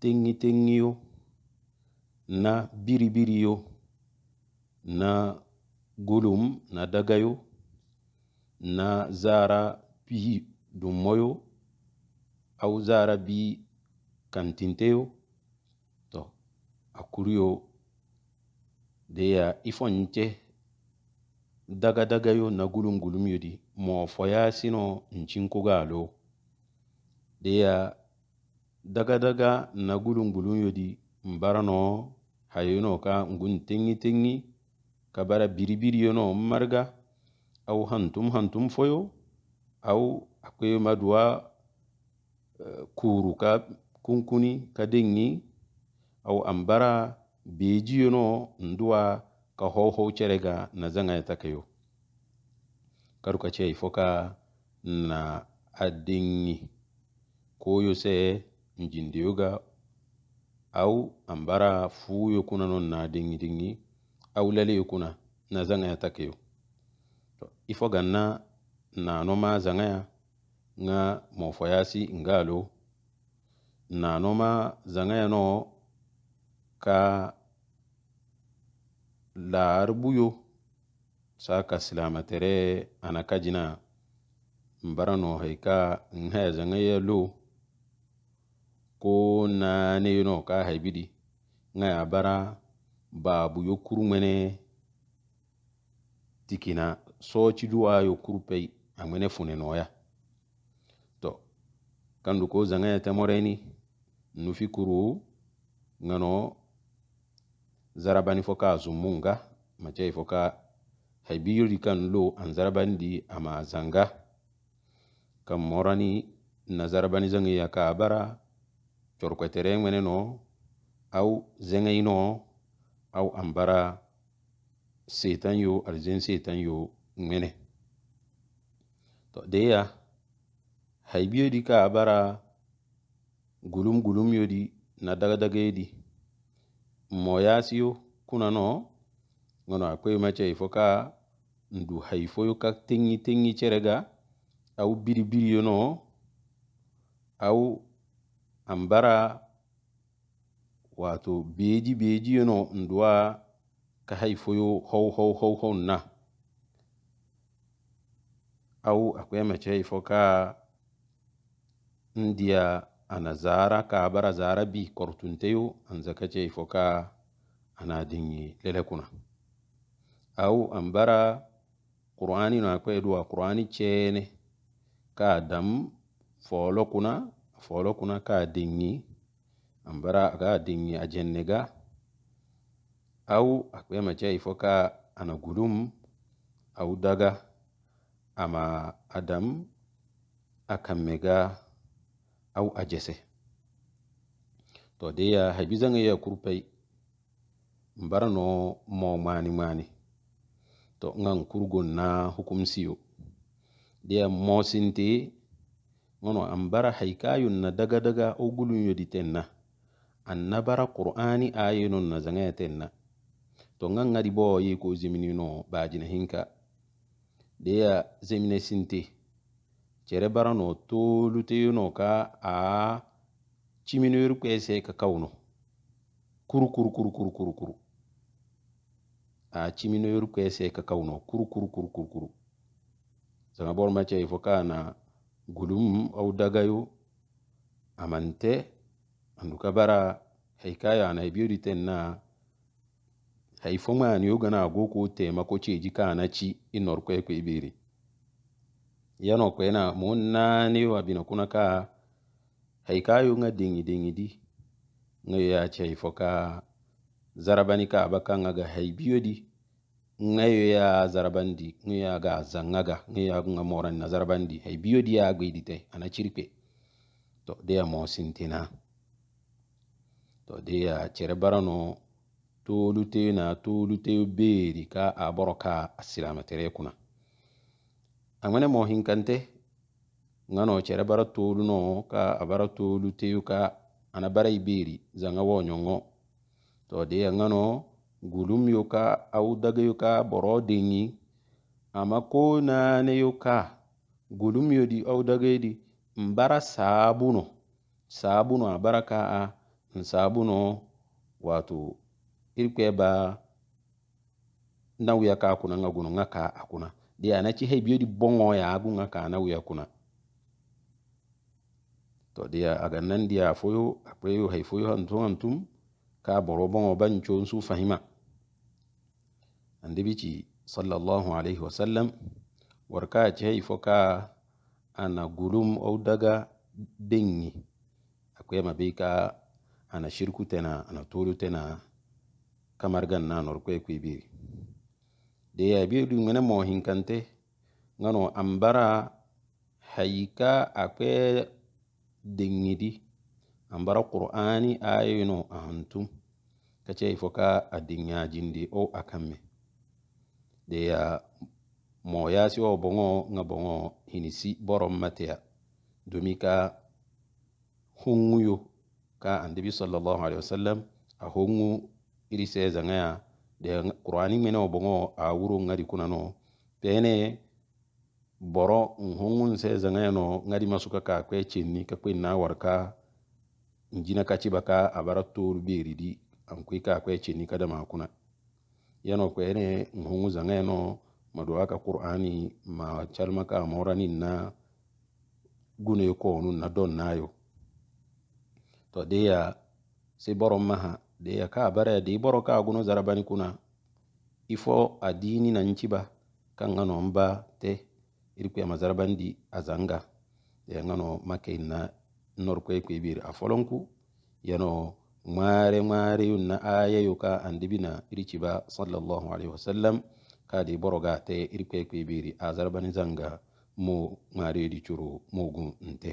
tengi na biri-biriyo na gulum na dagayo na zaara pihi dummoyo aw zaara bii kantinteyo to akuriyo deya ifonyi daga-dagayo na gulum-gulumyo di foya sino nchinkugalo deya daga-daga na gulungulun yodi mbara no hayono ka ngun tengi tengi ka bara biribiri yono marga au hantum hantum foyo au akweyo maduwa eh, kuru ka kunkuni ka dengi au ambara beji yono nduwa ka hoho cerega na zanga takayo karuka ce ifoka na adingi koyo se njindiyuga au ambara fuyo kuna non na dingi dingi au lale kuna na zanga ya takeyo ifo ganna na noma zanga ya nga mofoyasi ngalo na noma zanga ya no ka yo sa ka silamatere anakajina mbara no haika nga zanga ya lo ko na ne yi yono ka di nga ya bara babu yokuru mene tikina ci duwa yokuru pei a mene fune noya to kan ko zanga ya nufi kuru ngano zarabani foka zumunga macai foka haibiri kan lo an zarabandi ama zanga kan morani na zarabani zanga ya ka bara chorkwetere ngwene no au zenga ino au ambara setan yo arjen setan yo ngwene to deya haibiyo di ka abara gulum gulum yo di na daga daga di moyasi yo kuna no ngono akwe macha ifoka ndu haifo yo ka tingi tingi cherega au biribiri yo no au ambara wato beji beji yano nduwa ka haifoyo hau hau hau hau na au akwai mace haifo ka ndiya ana zara ka bara zara bi kortunteyo an zaka ce haifo ka ana dinye lelekuna au an bara qur'ani na akwai duwa qur'ani cene ka dam folo kuna aforo kuna ka dingi ambara ga dingi ajennega au akwema chai foka ana gulum au daga ama adam akammega au ajese to de ya zan ya kurpai mbara no mo mani mani to ngan kurgon na siyo de ya sinti ŋono an bara haikayun na daga daga o gulun yodi ten na an na bara qur'ani ayinun na zaŋa ten na to ŋa ŋadi bo ye ko zemini no baajina hinka ya zemine sinte cere bara no tolute no ka a ciminoyir kwese ka kawno kuru kuru kuru kuru kuru kuru a ciminoyir kwese ka kawno kuru kuru kuru kuru kuru zaŋa bor ifo ka na Gudum au dagayo amante anduka bara haikaya na biyu na haifo mani yoga na agoko tema ko jika anachi ci inor kwe ibiri yano kwe na muna ni wa kuna ka haikayo nga dingi dingi di nga ya zarabani ka abaka nga ga haibiyo di ya zarabandi ya ga zangaga ya ga moran na zarabandi hay biyo di agwe dite ana chirpe to de ya mo sintina to de ya chere barano tolu te na tolu te beri ka aboroka asilamatere kuna amene mo hinkante ngano chere bara tolu no ka abara tolu lute ka ana bara iberi zanga nyongo to de ya ngano gulum yoka au daga yoka boro dingi ama ko na ne yoka gulum yodi au daga yodi mbara sabuno sabuno a bara ka'a n sabuno wato irkwe ba nauya ka kuna nga gunu nga ka akuna dia na ci hebiyo di bongo ya agu nga ka nauya kuna to dia aga nan dia foyo akwe yo hay foyo hantum hantum ka boro bongo ban chon su fahima andibici sallallahu alaihi wasallam warka ce foka ana gulum au daga denyi akwai mabika ana shirku tana ana tolu tana kamar ganna norkwe kwibiri da ya biyu dungane mohin kante ngano ambara hayika akwe dingidi ambara qur'ani ayino ahantum kace ifoka adinya jindi o akamme de ya mo ya si o bongo nga bongo hinisi borom matia domi ka hunguyo ka andibi sallallahu alaihi wasallam a hungu iri se zanga ya de qur'ani mena bongo a wuro ngari kuna no pene boro nhongun se zanga no ngari masuka ka kwe chenni ka kwe na warka injina ka chibaka a bara toru an kwe ka kwe chenni kada kuna yano kwene nhunguza ngeno maduwa ka qur'ani ma calma ka morani na gune konu na don nayo to deya si boro maha deya ka baraya de boro ka guno zarabani kuna ifo adini na nchiba ka ngano mba te irikwe ya mazarabandi azanga deya ngano make na norkwe kwebir afolonku yano mare mare yunna aya yuka andibina ba sallallahu alaihi wasallam kadi boroga te irikwe a azarbani zanga mu mare di churu mugun nte